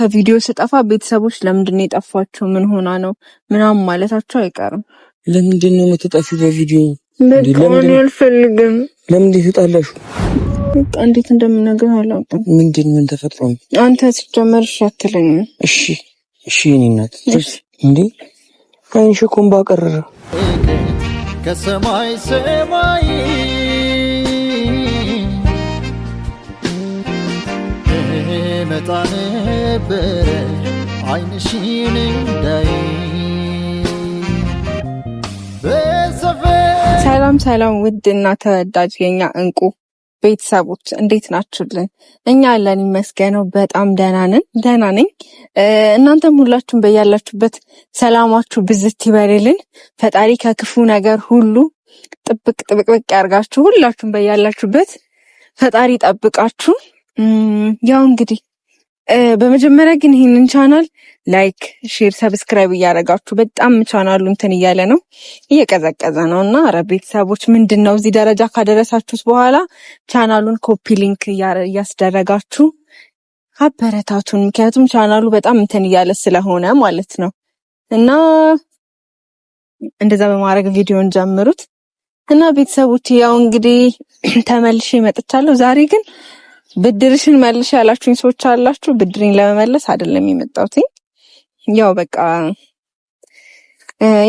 ከቪዲዮ ስጠፋ ቤተሰቦች ለምንድን ነው ምን ሆና ነው ምናምን ማለታቸው አይቀርም። ለምንድን ነው የምትጠፊው? በቪዲዮ ለምን አልፈልግም። ለምንድን ነው በቃ እንዴት እንደምነግርህ አላውቅም። ምንድን ምን ተፈጥሮ ነው? አንተ ሲጀመር እሺ አትለኝም። እሺ እሺ፣ የእኔ እንዴ አይንሽ እኮ ቀረረ ከሰማይ ሰማይ መጣ ነበረ እንዳይ ሰላም ሰላም፣ ውድ እና ተወዳጅ የኛ እንቁ ቤተሰቦች እንዴት ናችሁልን? እኛ ያለን ይመስገነው በጣም ደህና ነን፣ ደህና ነኝ። እናንተም ሁላችሁም በያላችሁበት ሰላማችሁ ብዝት ይበልልን። ፈጣሪ ከክፉ ነገር ሁሉ ጥብቅ ጥብቅብቅ ያርጋችሁ። ሁላችሁም በያላችሁበት ፈጣሪ ጠብቃችሁ። ያው እንግዲህ በመጀመሪያ ግን ይህንን ቻናል ላይክ፣ ሼር፣ ሰብስክራይብ እያደረጋችሁ በጣም ቻናሉ እንትን እያለ ነው እየቀዘቀዘ ነው እና ኧረ ቤተሰቦች ምንድን ነው እዚህ ደረጃ ካደረሳችሁት በኋላ ቻናሉን ኮፒ ሊንክ እያስደረጋችሁ አበረታቱን። ምክንያቱም ቻናሉ በጣም እንትን እያለ ስለሆነ ማለት ነው እና እንደዛ በማድረግ ቪዲዮን ጀምሩት እና ቤተሰቦች ያው እንግዲህ ተመልሼ መጥቻለሁ ዛሬ ግን ብድርሽን መልሽ ያላችሁኝ ሰዎች አላችሁ። ብድሬን ለመመለስ አይደለም የመጣሁት። ያው በቃ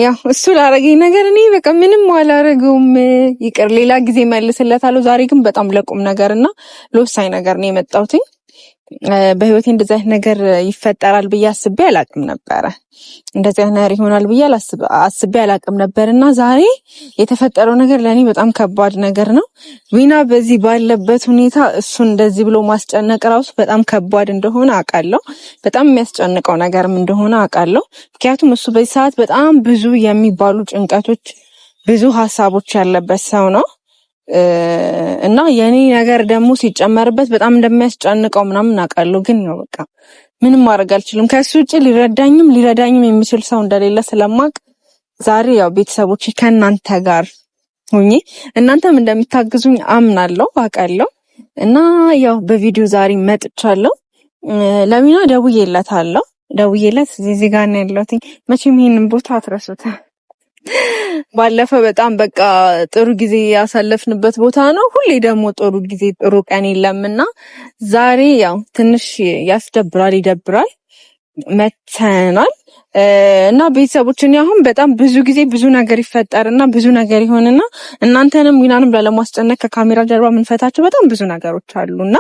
ያው እሱ ላረገኝ ነገር እኔ በቃ ምንም አላረገውም፣ ይቅር ሌላ ጊዜ መልስለታለሁ። ዛሬ ግን በጣም ለቁም ነገር እና ለወሳኝ ነገር ነው የመጣሁት። በህይወቴ እንደዚህ አይነት ነገር ይፈጠራል ብዬ አስቤ አላቅም ነበረ። እንደዚህ አይነት ነገር ይሆናል ብዬ አስቤ አላቅም ነበር እና ዛሬ የተፈጠረው ነገር ለእኔ በጣም ከባድ ነገር ነው። ዊና በዚህ ባለበት ሁኔታ እሱ እንደዚህ ብሎ ማስጨነቅ ራሱ በጣም ከባድ እንደሆነ አውቃለሁ። በጣም የሚያስጨንቀው ነገርም እንደሆነ አውቃለሁ። ምክንያቱም እሱ በዚህ ሰዓት በጣም ብዙ የሚባሉ ጭንቀቶች፣ ብዙ ሀሳቦች ያለበት ሰው ነው። እና የኔ ነገር ደግሞ ሲጨመርበት በጣም እንደሚያስጨንቀው ምናምን አውቃለሁ። ግን ያው በቃ ምንም ማድረግ አልችልም። ከሱ ውጭ ሊረዳኝም ሊረዳኝም የሚችል ሰው እንደሌለ ስለማቅ ዛሬ ያው ቤተሰቦች ከእናንተ ጋር ሆኜ እናንተም እንደምታግዙኝ አምናለሁ አውቃለሁ። እና ያው በቪዲዮ ዛሬ መጥቻለሁ። ለሚና ደውዬለታለሁ። ደውዬለት እዚህ ጋር ነው ያለሁት። መቼም ይህንን ቦታ አትረሱት። ባለፈ በጣም በቃ ጥሩ ጊዜ ያሳለፍንበት ቦታ ነው። ሁሌ ደግሞ ጥሩ ጊዜ ጥሩ ቀን የለምና ዛሬ ያው ትንሽ ያስደብራል፣ ይደብራል መተናል እና ቤተሰቦችን አሁን በጣም ብዙ ጊዜ ብዙ ነገር ይፈጠርና ብዙ ነገር ይሆንና እናንተንም ዊናንም ላለማስጨነቅ ከካሜራ ጀርባ የምንፈታቸው በጣም ብዙ ነገሮች አሉ እና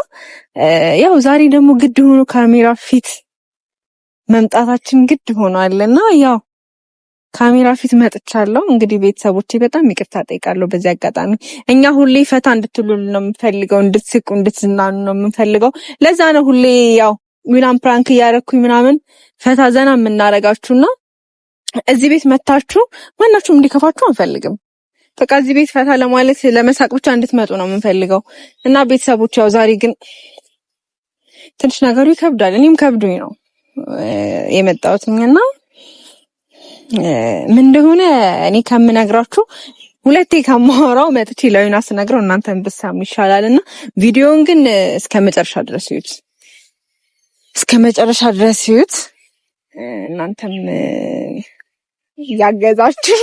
ያው ዛሬ ደግሞ ግድ ሆኖ ካሜራ ፊት መምጣታችን ግድ ሆኗል እና ያው ካሜራ ፊት መጥቻለሁ። እንግዲህ ቤተሰቦች በጣም ይቅርታ ጠይቃለሁ። በዚህ አጋጣሚ እኛ ሁሌ ፈታ እንድትሉ ነው የምንፈልገው፣ እንድትስቁ፣ እንድትዝናኑ ነው የምንፈልገው። ለዛ ነው ሁሌ ያው ሚላን ፕራንክ እያረኩኝ ምናምን ፈታ ዘና የምናረጋችሁና እዚህ ቤት መታችሁ ማናችሁም እንዲከፋችሁ አንፈልግም። በቃ እዚህ ቤት ፈታ ለማለት ለመሳቅ ብቻ እንድትመጡ ነው የምንፈልገው እና ቤተሰቦች ያው ዛሬ ግን ትንሽ ነገሩ ይከብዳል። እኔም ከብዱኝ ነው የመጣሁትኝ እና ምን እንደሆነ እኔ ከምነግራችሁ ሁለቴ ከማወራው መጥቼ ለዩና ስነግረው እናንተን ብትሰሙ ይሻላል። እና ቪዲዮውን ግን እስከ መጨረሻ ድረስ ይዩት፣ እስከ መጨረሻ ድረስ ይዩት። እናንተም ያገዛችሁ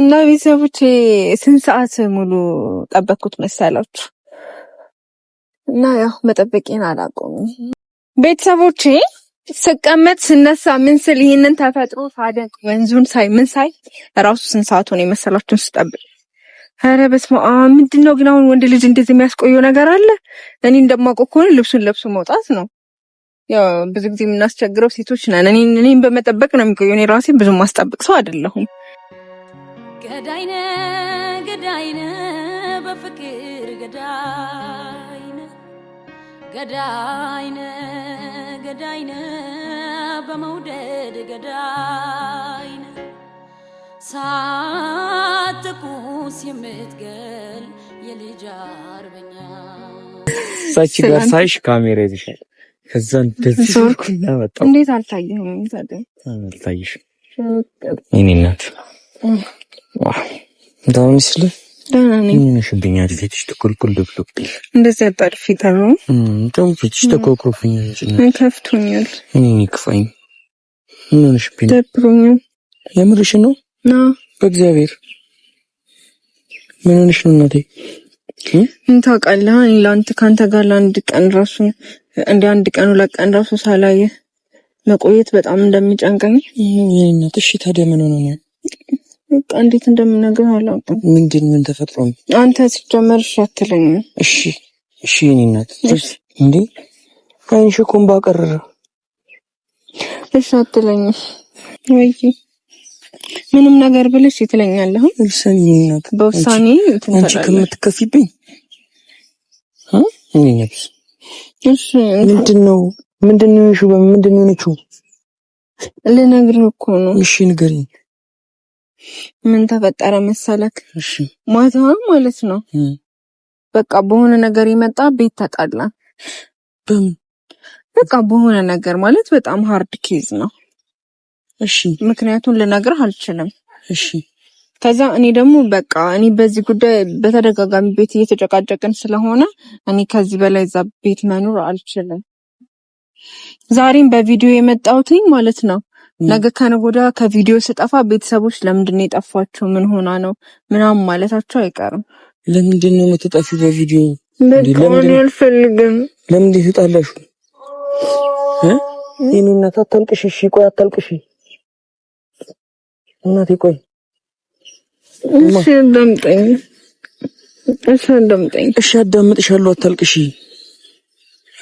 እና ቤተሰቦቼ ስንት ሰዓት ሙሉ ጠበቅኩት መሰላችሁ? እና ያው መጠበቄን አላቆም ቤተሰቦቼ ስቀመጥ ስነሳ ምን ስል ይህንን ተፈጥሮ ሳደንቅ ወንዙን ሳይ ምን ሳይ ራሱ ስንት ሰዓት ሆነ የመሰላችሁን ስጠብቅ። ኧረ በስመ አብ! ምንድን ነው ግን አሁን ወንድ ልጅ እንደዚህ የሚያስቆየው ነገር አለ? እኔ እንደማውቀው ከሆነ ልብሱን ለብሶ መውጣት ነው። ያው ብዙ ጊዜ የምናስቸግረው ሴቶች ነን። እኔ እኔን በመጠበቅ ነው የሚቆየው። እኔ ራሴ ብዙ ማስጠብቅ ሰው አይደለሁም። ገዳይነ ገዳይነ በፍቅር ገዳይ ገዳይነ ገዳይነ በመውደድ ገዳይነ ሳትቁስ የምትገል የልጅ አርበኛ ጻቺ ጋር ሳይሽ ካሜራ ይዝሻል። ከዛ እንደዚህ ዞርኩና መጣሁ። እንዴት አልታየኝም? አልታየሽም? እኔ እናት ዳውን ስለ ደህና ነኝ። ፊትሽ ትኩልኩል እንደዚህ ያጣል ፊት ፊትሽ ከፍቶኛል። እኔ ደብሮኛል። የምርሽ ነው? ና በእግዚአብሔር ነው እናቴ? ምን ታውቃለህ? እኔ ለአንተ ከአንተ ጋር ለአንድ ቀን ራሱ እንደ አንድ ቀን ሁለት ቀን ራሱ ሳላየ መቆየት በጣም እንደሚጨንቀኝ ይህነት። እሺ ታዲያ ምን ሆነ ነው እንዴት እንደምናገር አላውቅም። ምንድን ምን ተፈጥሮ ነው? አንተ ሲጀመር እሺ አትለኝም። እሺ እሺ የእኔ እናት እንዴ አይንሽ ኮምባ ቀረረ። እሺ አትለኝም ወይ ምንም ነገር ብለሽ ትለኛለህ። እሺ እናት በውሳኔ አንቺ ከምትከፊብኝ እኔ ነብስ እሺ ምንድን ነው ምንድን ነው? እሺ በምን ምንድን ነው? ልነግርህ እኮ ነው። እሺ ንገሪኝ ምን ተፈጠረ መሰለክ፣ ማታ ማለት ነው በቃ በሆነ ነገር የመጣ ቤት ተጣላ። በቃ በሆነ ነገር ማለት በጣም ሀርድ ኬዝ ነው። እሺ፣ ምክንያቱን ልነግርህ አልችልም። እሺ። ከዛ እኔ ደግሞ በቃ እኔ በዚህ ጉዳይ በተደጋጋሚ ቤት እየተጨቃጨቅን ስለሆነ እኔ ከዚህ በላይ እዛ ቤት መኖር አልችልም። ዛሬም በቪዲዮ የመጣሁትኝ ማለት ነው ነገ ከነገ ወዲያ ከቪዲዮ ስጠፋ ቤተሰቦች ለምንድን ነው የጠፋቸው? ምን ሆና ነው ምናምን ማለታቸው አይቀርም። ለምንድን ነው የምትጠፊው? በቪዲዮ ለምን አልፈልግም። ለምንድን ነው የጣላሽው? እናት አታልቅሽ። እሺ ቆይ አታልቅሽ እናቴ። ቆይ እሺ አዳምጠኝ፣ እሺ አዳምጠኝ፣ እሺ አዳምጥሻለሁ። አታልቅሽ፣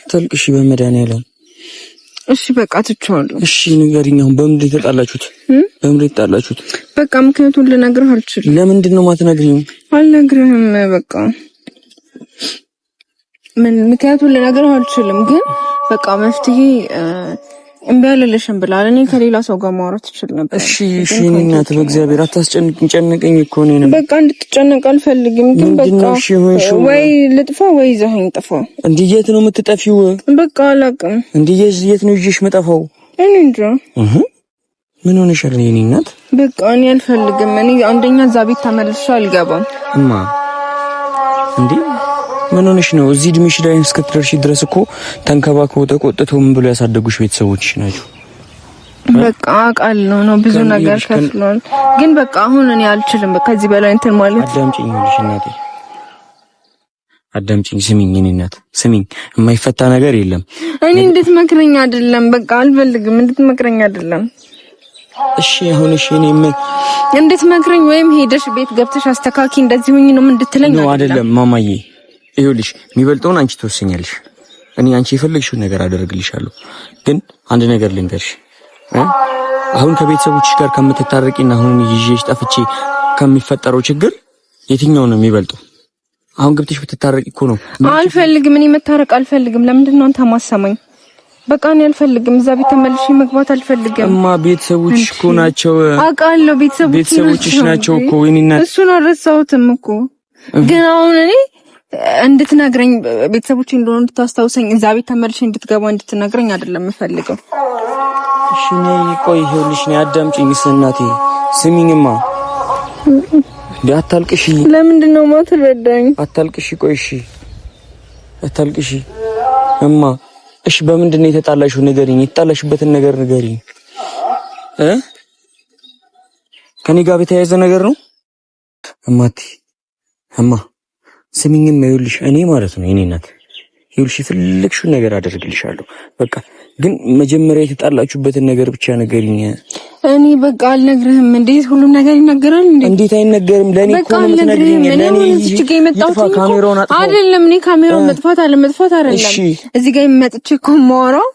አታልቅሽ በመድኃኒዓለም እሺ በቃ ትቼዋለሁ። እሺ ንገሪኝ፣ አሁን በምን ላይ ተጣላችሁት? በምን ላይ ተጣላችሁት? በቃ ምክንያቱን ልነግርህ አልችልም። ለምንድን ነው ማትነግሪኝ? አልነግርህም። በቃ ምን ምክንያቱን ልነግርህ አልችልም፣ ግን በቃ መፍትሄ እምቢ አልልሽም ብላል። እኔ ከሌላ ሰው ጋር ማውራት ትችል ነበር። እሺ እሺ፣ እኔ እናት በእግዚአብሔር አታስጨንቅ። ጨነቀኝ እኮ እኔ በቃ እንድትጨነቅ አልፈልግም። ግን በቃ ወይ ልጥፋ ወይ ይዘኸኝ ጥፋ። እንዲህ የት ነው የምትጠፊው? በቃ አላውቅም። እንዲህ የት ነው ይዤሽ መጠፋው? እኔ እንጃ። ምን ሆነሻል? እኔ እናት በቃ እኔ አልፈልግም። እኔ አንደኛ እዛ ቤት ተመልሼ አልገባም እማ እንዴ ምን ሆነሽ ነው? እዚህ እድሜሽ ላይ እስከትደርሺ ድረስ እኮ ተንከባክቦ ተቆጥቶ ምን ብሎ ያሳደጉሽ ቤተሰቦችሽ ናቸው። በቃ አውቃለሁ ነው ብዙ ነገር ከፍሏል። ግን በቃ አሁን እኔ አልችልም። በቃ ከዚህ በላይ እንትን ማለት አዳምጪኝ፣ ልሽ እናቴ አዳምጪኝ፣ ስሚኝ፣ እኔ እናት ስሚኝ፣ የማይፈታ ነገር የለም። እኔ እንድትመክረኝ አይደለም፣ በቃ አልፈልግም፣ እንድትመክረኝ አይደለም። እሺ አሁን እሺ፣ እኔ ምን እንድትመክረኝ ወይም ሄደሽ ቤት ገብተሽ አስተካኪ እንደዚህ ሁኚ ነው እንድትለኝ አይደለም ማማዬ ይኸውልሽ የሚበልጠውን አንቺ ትወሰኛለሽ። እኔ አንቺ የፈለግሽውን ነገር አደርግልሻለሁ። ግን አንድ ነገር ልንገርሽ፣ አሁን ከቤተሰቦችሽ ጋር ከምትታረቂና አሁን ይዤሽ ጠፍቼ ከሚፈጠረው ችግር የትኛው ነው የሚበልጠው? አሁን ገብተሽ ብትታረቂ እኮ ነው። አልፈልግም፣ እኔ መታረቅ አልፈልግም። ለምንድን ነው አንተ ማሰማኝ? በቃ እኔ አልፈልግም። እዛ ቤት ተመልሼ መግባት አልፈልግም። እማ ቤተሰቦችሽ እኮ ናቸው። አውቃለሁ፣ ቤተሰቦችሽ ናቸው እኮ። እሱን አልረሳሁትም እኮ ግን አሁን እኔ እንድትነግረኝ ቤተሰቦች እንደሆነ እንድታስታውሰኝ እዛ ቤት ተመልሼ እንድትገባ እንድትነግረኝ አይደለም የምፈልገው። እሺ ነይ፣ ቆይ ይኸውልሽ፣ ነይ አዳምጪኝ። እናቴ ስሚኝማ፣ አታልቅሽ። ለምንድን ነው የማትረዳኝ? አታልቅሽ፣ ቆይ እሺ፣ አታልቅሽ እማ። እሺ፣ በምንድን ነው የተጣላሽው? ንገሪኝ፣ የተጣላሽበትን ነገር ንገሪኝ። እ ከኔ ጋር የተያያዘ ነገር ነው እማቴ፣ እማ ስሚኝም ይኸውልሽ፣ እኔ ማለት ነው የእኔ እናት ይኸውልሽ፣ የፈለግሽውን ነገር አደርግልሻለሁ። በቃ ግን መጀመሪያ የተጣላችሁበትን ነገር ብቻ ነገርኝ። እኔ በቃ አልነግርህም። እንዴት ሁሉም ነገር ይነገራል? እንዴ? እንዴት አይነገርም? ለኔ እኮ አልነግርህም። እኔ እዚህ ጋር አጥፋ አይደለም። እኔ ካሜራውን መጥፋት አለ መጥፋት አይደለም። እዚህ ጋር መጥቼ እኮ የማወራው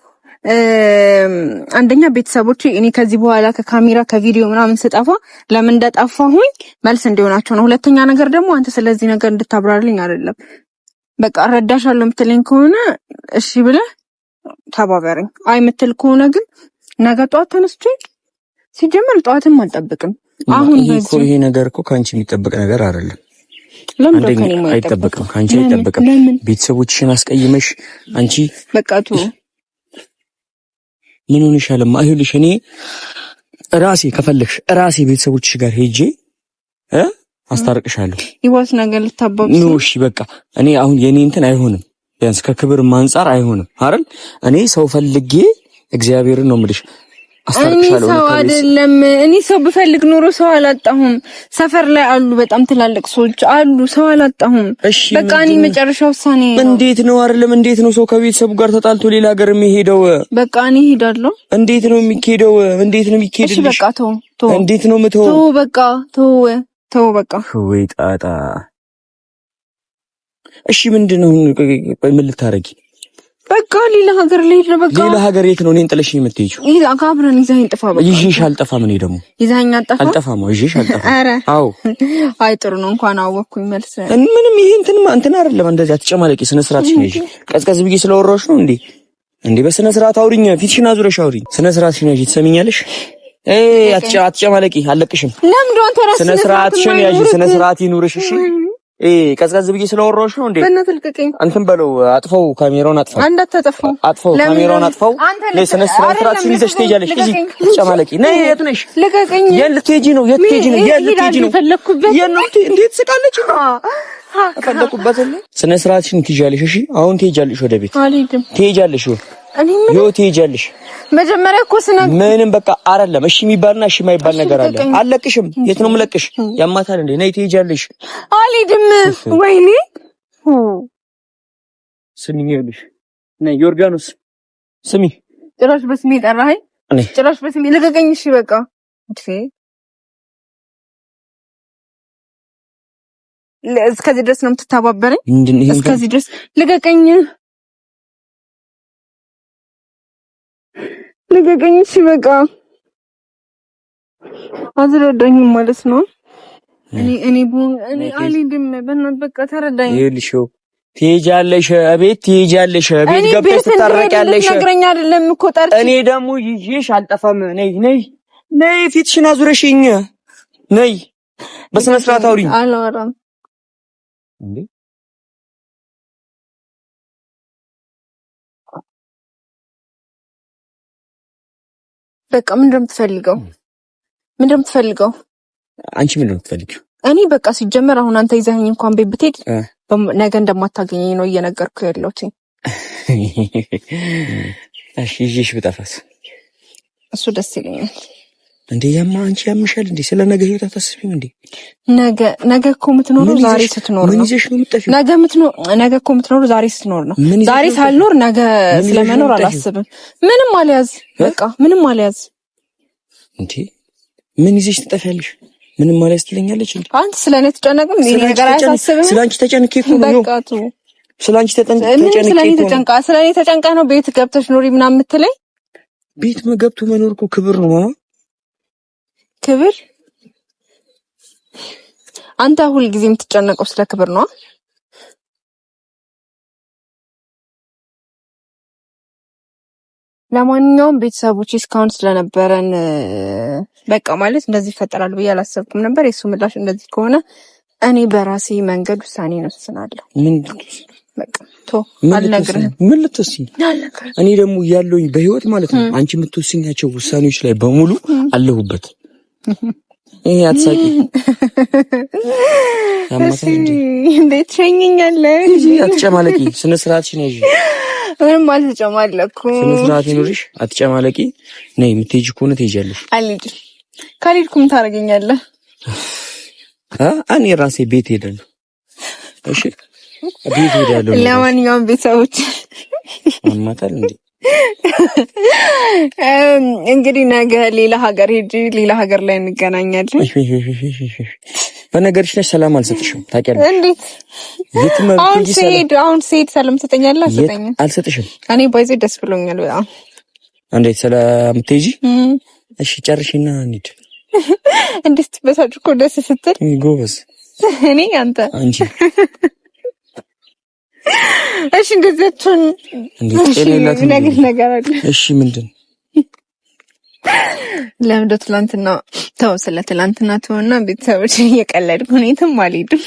አንደኛ ቤተሰቦች እኔ ከዚህ በኋላ ከካሜራ ከቪዲዮ ምናምን ስጠፋ ለምን እንደጠፋሁኝ መልስ እንዲሆናቸው ነው። ሁለተኛ ነገር ደግሞ አንተ ስለዚህ ነገር እንድታብራርልኝ አይደለም። በቃ እረዳሻለሁ የምትለኝ ከሆነ እሺ ብለህ ተባበረኝ። አይ የምትል ከሆነ ግን ነገ ጠዋት ተነስቼ ሲጀመር ጠዋትም አልጠብቅም። አሁን ይሄ ነገር እኮ ከአንቺ የሚጠብቅ ነገር አይደለም። አንደኛ አይጠበቅም፣ ከአንቺ አይጠበቅም። ቤተሰቦችሽን አስቀይመሽ አንቺ በቃ ምን ሆንሻልማ? ማይሁልሽ እኔ ራሴ ከፈለግሽ ራሴ ቤተሰቦችሽ ጋር ሄጄ እ አስታርቅሻለሁ። ይዋስ ነገር ልታባብ ነው። እሺ በቃ እኔ አሁን የኔ እንትን አይሆንም፣ ቢያንስ ከክብር አንጻር አይሆንም አይደል? እኔ ሰው ፈልጌ እግዚአብሔርን ነው የምልሽ እኔ ሰው አይደለም። እኔ ሰው ብፈልግ ኖሮ ሰው አላጣሁም። ሰፈር ላይ አሉ፣ በጣም ትላልቅ ሰዎች አሉ። ሰው አላጣሁም። በቃ እኔ መጨረሻ ውሳኔ እንዴት ነው? አይደለም እንዴት ነው ሰው ከቤተሰቡ ጋር ተጣልቶ ሌላ ሀገር የሚሄደው? በቃ እኔ ሄዳለሁ። እንዴት ነው የሚሄደው? እንዴት ነው የሚሄደው? እሺ በቃ ተው፣ ተው። እንዴት ነው የምተው? ተው በቃ ተው፣ ተው በቃ ወይ ጣጣ። እሺ ምንድን ነው ምን ልታረጊ በቃ ሌላ ሀገር ልሄድ ነው። በቃ ሌላ ሀገር የት ነው? እኔን ጥለሽ የምትሄጂው? ይዛ አካብረን ይዛኝ ጥፋ። በቃ ይዤሽ አልጠፋም። እኔ ደግሞ ይዛኝ አልጠፋ ነው ይዤሽ አልጠፋ። አረ አዎ። አይ ጥሩ ነው። እንኳን አወቅኩኝ። መልስ ምንም ይሄ እንትን እንትን አይደለም። እንደዚህ አትጨማለቂ። ስነ ስርዓት ስርዓትሽን ይዤ ቀዝቀዝ ብዬ ስለወራሁሽ ነው እንዴ? እንዴ በስነ ስርዓት አውሪኝ። ፊትሽን አዙረሽ አውሪኝ። ስነ ስርዓት ስርዓትሽን ይዤ ትሰሚኛለሽ? አትጨማለቂ። አለቅሽም። ለምን እንደሆነ ተራስ ስነ ስርዓት ስርዓትሽን ይዤ ስነ ስርዓት ይኑርሽ። እሺ ቀዝቀዝ ብዬ ስለወሮሽ ነው እንዴ? በእናትህ ልቀቀኝ። አንተም በለው አጥፈው፣ ካሜራውን አጥፈው። አንድ አታጠፋው። አጥፈው፣ ካሜራውን አጥፈው። ነይ ስነ ስርዓትሽን ይዘሽ ትሄጃለሽ። እዚህ ትጨማለቂ። ነይ። የት ነሽ? ልቀቀኝ። የት ልትሄጂ ነው? የት ልትሄጂ ነው? የት ልትሄጂ ነው? እንዴት ስቃለች! ነው? ፈለኩበት። ስነ ስርዓትሽን ትይዣለሽ። እሺ፣ አሁን ትሄጃለሽ ወደ ቤት። አልሄድም። ትሄጃለሽ ህይወት ይጀልሽ። መጀመሪያ እኮ ስነ ምንም በቃ አይደለም። እሺ የሚባልና እሺ የማይባል ነገር አለ። አለቅሽም። የት ነው የምለቅሽ? ያማታል እንዴ? ነይ ትሄጃለሽ። አልሄድም። ወይኔ ስሚ፣ ይኸውልሽ፣ ነይ ዮርዳኖስ፣ ስሚ። ጭራሽ በስሜ ጠራኸኝ። ጭራሽ በስሜ ልቀቀኝ። እሺ በቃ እስከዚህ ድረስ ነው የምትተባበረኝ። እስከዚህ ድረስ ልቀቀኝ። ልቀቀኝ። እሺ በቃ አትረዳኝም ማለት ነው። እኔ እኔ በቃ ተረዳኝ። ትሄጃለሽ እቤት ትሄጃለሽ እቤት ገብተሽ እኔ ደግሞ ይዤሽ አልጠፋም። ነይ ነይ ነይ፣ ነይ። በስነ ስርዓት አውሪኝ። አላወራም እንዴ በቃ ምንድን ነው የምትፈልገው? ምንድን ነው የምትፈልገው? አንቺ ምንድን ነው የምትፈልጊው? እኔ በቃ ሲጀመር አሁን አንተ ይዘኸኝ እንኳን ቤት ብትሄድ ነገ እንደማታገኘኝ ነው እየነገርኩ ያለሁት። እሺ ይዤሽ ብጠፋስ? እሱ ደስ ይለኛል። እንዴ ያማ አንቺ ያምሻል እንዴ? ስለ ነገ ህይወት አታስቢም እንዴ? ነገ ነገ እኮ የምትኖረው ዛሬ ስትኖር ነው። ነገ ነገ እኮ የምትኖረው ዛሬ ስትኖር ነው። ዛሬ ሳልኖር ነገ ስለመኖር አላስብም። ምንም አልያዝ፣ በቃ ምንም አልያዝ። እንዴ ምን ይዘሽ ትጠፊያለሽ? ምንም አልያዝ ትለኛለች እንዴ? አንተ ስለ እኔ ተጨነቅም ይሄ ነገር አያሳስብም። ስለ አንቺ ተጨንቄ እኮ ነው ስለ አንቺ ተጨንቄ ስለ እኔ ተጨንቃ ነው ቤት ገብተሽ ኖሪ ምናምን የምትለኝ። ቤት ገብቶ መኖር እኮ ክብር ነው ማማ ክብር አንተ ጊዜ የምትጨነቀው ስለ ክብር ነው። ለማንኛውም ቤተሰቦች እስካሁን ስለነበረን በቃ ማለት እንደዚህ ይፈጠራል ብዬ አላሰብኩም ነበር። የሱ ምላሽ እንደዚህ ከሆነ እኔ በራሴ መንገድ ውሳኔ እወስናለሁ። ምን ልትወስኝ? እኔ ደግሞ ያለውኝ በህይወት ማለት ነው አንቺ የምትወስኛቸው ውሳኔዎች ላይ በሙሉ አለሁበት። ይሄ አትሳቂ። እንዴት ሸኝኛለህ? እዚ አትጨማለቂ፣ ስነ ስርዓት ሽን ምንም አልተጨማለኩም። ስነ ስርዓት ይኑርሽ። አትጨማለቂ። ነይ፣ የምትሄጂ ከሆነ ትሄጃለሽ። ካልሄድኩም ታደርገኛለህ። እኔ ራሴ ቤት ሄዳለሁ። እሺ፣ ቤት ሄዳለሁ። ለማንኛውም ቤተሰቦች አማታል እንዴ እንግዲህ ነገ ሌላ ሀገር ሄጂ፣ ሌላ ሀገር ላይ እንገናኛለን። በነገርሽ ላይ ሰላም አልሰጥሽም። ታውቂያለሽ? እንዴት አሁን ስሄድ አሁን ስሄድ ሰላም ትሰጠኛለህ? አልሰጠኝም፣ አልሰጥሽም። እኔ ባይዜ ደስ ብሎኛል በጣም እንዴት ስለምትሄጂ። እሺ ጨርሽና እንሂድ። እንዴት በሳጭ እኮ ደስ ስትል ጎበዝ። እኔ አንተ አንቺ እሺ እንደዚህ አትሁን። ነገር ነገር አለ። እሺ ምንድን ለምዶ ትላንትና ተው፣ ስለ ትላንትና ተውና፣ ቤተሰቦች እየቀለድኩ ነው። የትም አልሄድም።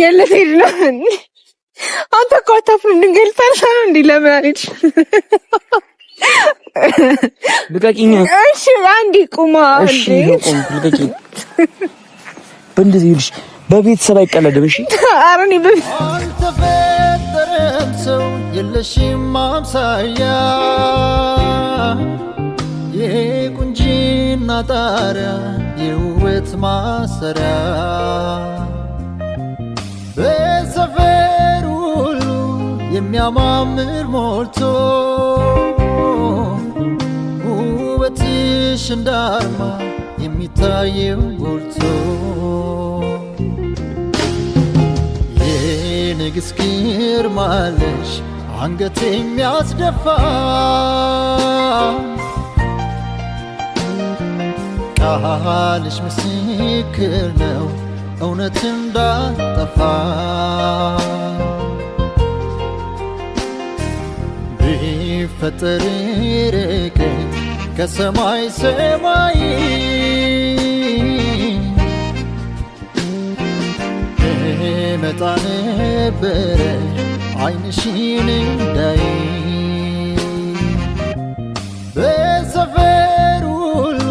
የለት ሄድ ነው። አንተ እኮ አታፍርም? ድንጋይ እንዴ? ለምን አልሄድሽም? ልቀቂኝ። እሺ አንዴ ቁማ። እሺ ቁም። በእንደዚህ በቤተሰብ አይቀለድም። እሺ አልተፈጠረም ሰው የለሽም ጣሪያ የውበት ማሰሪያ በሰፈር ሁሉ የሚያማምር ሞልቶ ፊትሽ እንዳርማ የሚታየው ጎልቶ የንግሥት ግርማ አለሽ አንገት የሚያስደፋ ቃልሽ ምስክር ነው እውነት እንዳጠፋ ቢፈጠር ርቀ ከሰማይ ሰማይ መጣ ነበረ ዓይንሽን እንዳይ በሰፈር ሁሉ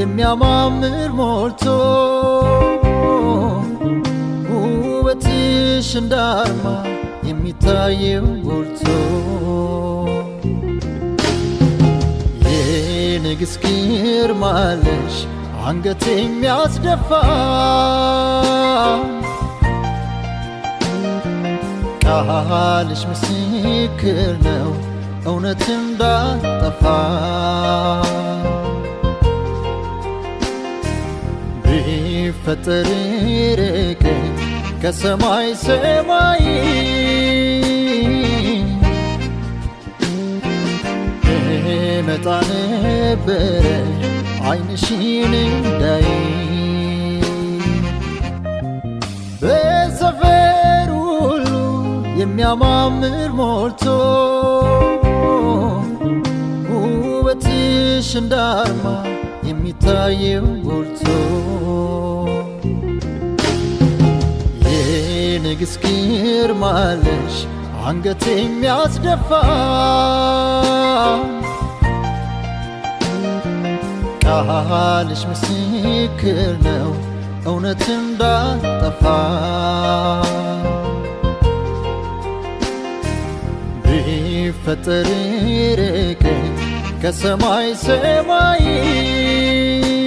የሚያማምር ሞልቶ ውበትሽ እንዳርማ የሚታየው ጎልቶ ንግሥት ግርማ አንገት የሚያስደፋ ቃልሽ ምስክር ነው እውነት እንዳጠፋ ቢፈጠር ርቀት ከሰማይ ሰማይ መጣ ነበረ አይንሽን እንዳይ በሰፈር ሁሉ የሚያማምር ሞልቶ ውበትሽ እንዳርማ የሚታየው ጎልቶ የንግሥት ግርማለሽ አንገት የሚያስደፋ ቃልሽ ምስክር ነው እውነት እንዳልጠፋ ቢፈጠር ርቀት ከሰማይ ሰማይ